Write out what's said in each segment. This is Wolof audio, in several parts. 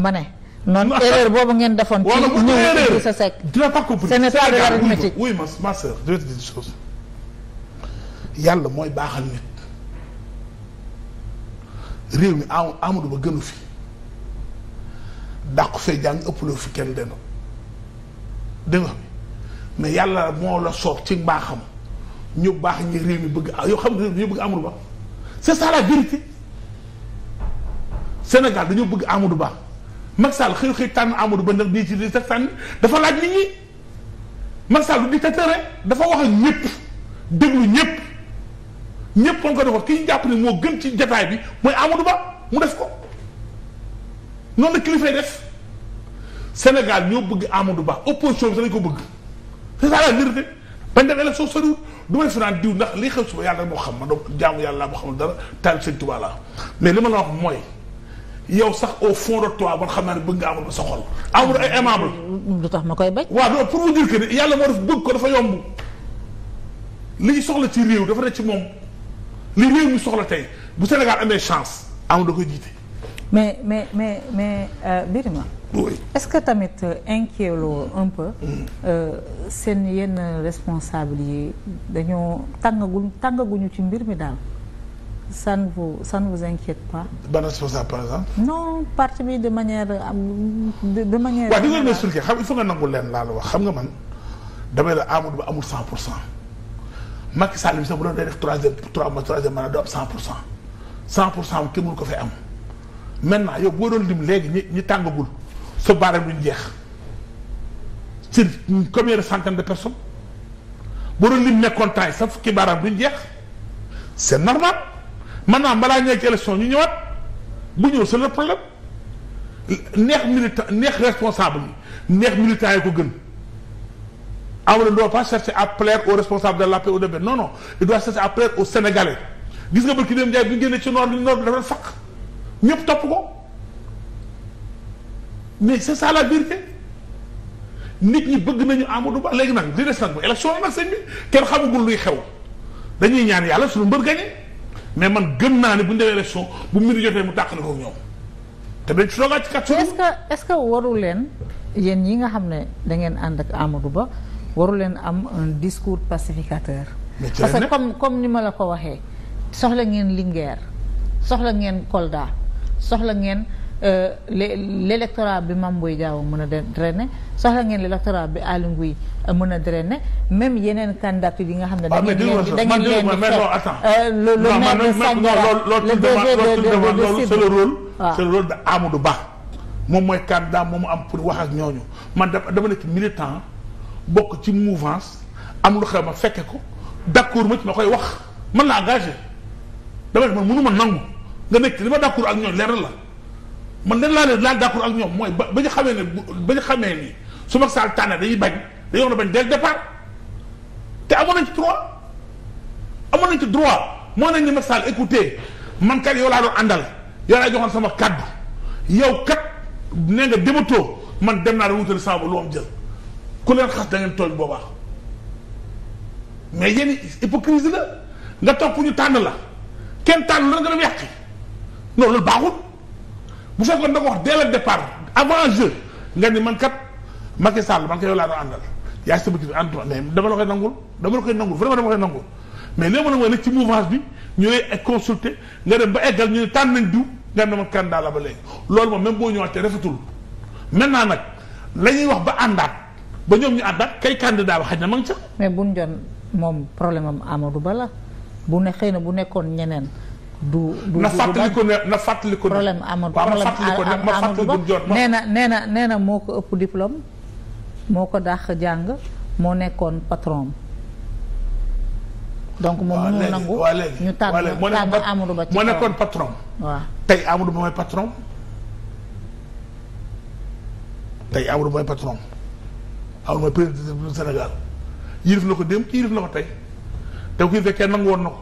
ma ne. non erreur boobu ngeen defoon. wala mu erreur ci ñëw tu n'as pas compris. ce n'est pas de ma ma soeur je mooy baaxal nit réew mi am Amadou Ba fi dàq fee jàng ëppaloo fi kenn mais yàlla moo la ci mbaaxam baax réew mi bëgg ah, yow xam nga dañoo bëgg Ba c'est ça la vérité Sénégal dañoo bëgg Amadou Ba. Macky Sall xëy xëy tànn Amadou Ba ndax di ci di dafa laaj nit ñi Macky Sall du dictateur dafa wax ak ñëpp déglu ñëpp ñëpp kon ko defar ki ñu jàpp ne moo gën ci jataay bi mooy Amadou Ba mu def ko noonu la kilifay def ñoo bëgg Amadou Ba opposition bi sax dañ ko bëgg c'est ça la vérité bañ dem élection soriwul su naan diw ndax lii xew suba yàlla moo xam ma donc jaamu yàlla moo xam dara taal sëñ Tuubaa la li ma la wax mooy yow sax au fond de toi man xam naa ne bëgg nga amul ba sa xol. amul ay aimable. lu tax ma koy bañ. waaw non pour vous dire que yàlla moo def bëgg ko dafa yomb li ñu soxla ci réew dafa ne ci moom li réew mi soxla tey bu Sénégal amee chance amul da koy jiite. mais mais mais mais ma euh, Birima. ce que tamit euh, inquiet loo un peu. Mm. Euh, seen yenn responsable yi dañoo tàngagul tàngaguñu ci mbir mi daal. ça ne vous ça ne vous inquiète pas. ban responsable par exemple. non parti bi de manière de de manière. waaw di nga expliqué xam il faut nga nangu leen laa wax xam nga man damay la Amadou Ba amul 100 pour cent Macky Sall bi sax bu doon day def troisième trois mois troisième mandat doo am 100 pour cent 100 pour cent kenn mënu ko fay am maintenant yow boo doon lim léegi ñi ñi tàngagul sa baaram duñ jeex ci combien de centaines de personnes boo nekkoon temps yi sa fukki baaram duñ jeex c'est normal. maintenant balaa ñu nekk élection ñu ñëwaat bu ñëw c'est le problème neex militant neex responsable yi neex militant yi ko gën Amadou ah, ne doit pas chercher à plaire aux responsables de l'APR ou de Benno non non il doit chercher à plaire aux Sénégalais gis nga barki dem Ndiaye bi ñu génnee ci noor bi noor ñëpp topp ko mais c'est ça la vérité nit ñi bëgg nañu Amadou Ba léegi nag di des nag ba élection nag sëñ bi kenn xamagul luy xew dañuy ñaan yàlla suñu mbër gañe mais man gën naa ne bu ñu demee élection bu mu mën jotee mu tàq na ko ñoom te dañ ci toogaat ce que est-ce que waru leen yéen yi nga xam ne dangeen ànd ak Amadou Ba waru leen am un discours pacificateur. parce que comme comme ni ma la ko waxee soxla ngeen Linguère soxla ngeen Kolda soxla ngeen. le euh, l' électorat bi Mame Boye Diao mën a drainer soxla ngeen l' électorat bi Aly Ngouille euh, mën a drainer même yeneen candidature yi nga xam ne. dañu leen dañu leen di fekk euh, le le maire de Sandiara le DG Ba moom mooy candidat moom mu am pour wax ak ñooñu man dama nekk militant bokk ci mouvance am lu xew ma fekke ko d'accord ma ci ma koy wax man la engagé dama ne man mënu ma nangu nga nekk li ma d'accord ak ñooñu leer la. man dañ laa leen laa d'accord ak ñoom mooy ba ba ñu xamee ne ba ñu xamee ni su Macky Sall tànn dañuy bañ dañoo a bañ dès le te amoon nañ ci droit nañ ci droit moo nañ ni Macky Sall écoutez man àndal yow laa joxoon sama kaddu yow kat nee nga dématoo man dem naa da wutali sama lu am jël ku leen xas da ngeen tooñ boobaa mais yéen hypocrisie la nga toog fu ñu tànn la kenn tànn la nga dem yàqi non loolu baaxul bu fekkoon da ko wax dès le départ avant jeu nga ni man kat Macky Sall man ko yow laa doon àndal yaa ngi sama kii bi ànd mais dama la koy nangul dama la koy nangul vraiment dama la koy nangul mais léegi nag bi ñu lay consulter ba eggal tànn nañ diw nga ne ma candidat la ba loolu moom même boo ñëwaatee rafetul maintenant nag la ñuy wax ba àndaat ba ñoom ñu àndaat kay candidat ba na ma ca. mais buñ doon moom problème am Amadou Ba la bu ne xëy na bu nekkoon ñeneen. du du na fàttaliku ne na fàttaliku ne problème Amadou Amadou Ba nee na nee na nee na moo ko ëpp diplôme moo ko dàq jàng moo nekkoon patron donc moom mënul nangu ñu tànn tànn Amadou Ba moo nekkoon patron waaw tey Amadou Ba mooy patron tey Amadou Ba mooy patron Amadou mooy président Sénégal yilif na ko démb yilif na ko tey te bu ko fekkee nangu woon na ko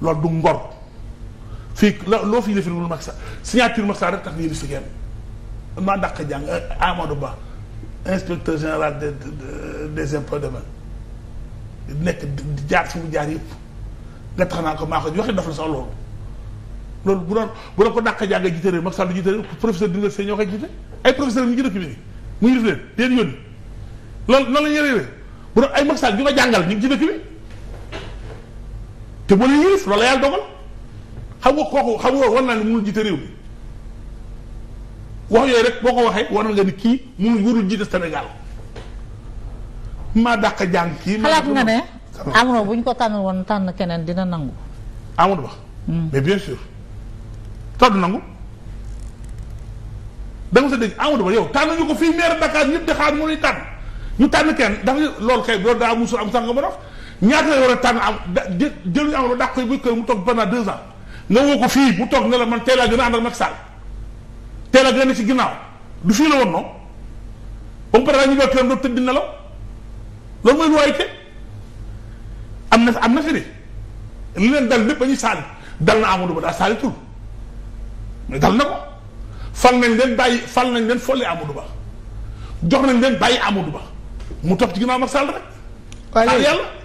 loolu du ngor fii loo fi lifin wul Macky Sall signature Macky Sall si kenn maa dàq jàng eh, Amadou Ba inspecteur général des des impôts domaines nekk jaar fi mu jaar yëpp nga tax naa ko maa ko waxee dafa sax loolu loolu bu doon bu ko dàq jàng jiite réew Macky Sall du jiite réew koy bi ni mu ngi loolu noonu la ñuy bu doon ay Macky Sall ñu ko jàngal ñu ngi ci te bu la yilif loolu la yàlla dogal xam nga kooku xam nga war naa ne mënul jiite réew mi wax yooyu rek boo ko waxee war na nga ni kii mënul warul jiite Sénégal maa dàq jàng kii. xalaat nga ne Amadou bu ko tànn woon tànn keneen dina nangu. Amadou Ba. Hmm. mais bien sûr tax nangu. da nga sa dégg Amadou Ba yow tànn ñu ko fii maire Dakar ñëpp di xaar mu nuy ñu tànn kenn dafa lool kay loolu daa musul am sànq ba dox ñaata la war a tànn am da jëluñu Amadou dàq ko bu kër mu toog pendant deux ans. nga woo ko fii bu toog ne man tey laa gën a ànd ak Macky Sall ci ginnaaw du fii la woon noonu ba mu pare ñu doon këram doon tëdd nelaw loolu mooy loyauté am na am na fi de li lépp ba ñuy saali dal na Amadou Ba daal saali tur na ko fal nañ leen nañ leen folli Amadou jox nañ leen bàyyi Amadou Ba mu topp ci ginnaaw Macky Sall rek. waaye ah yàlla.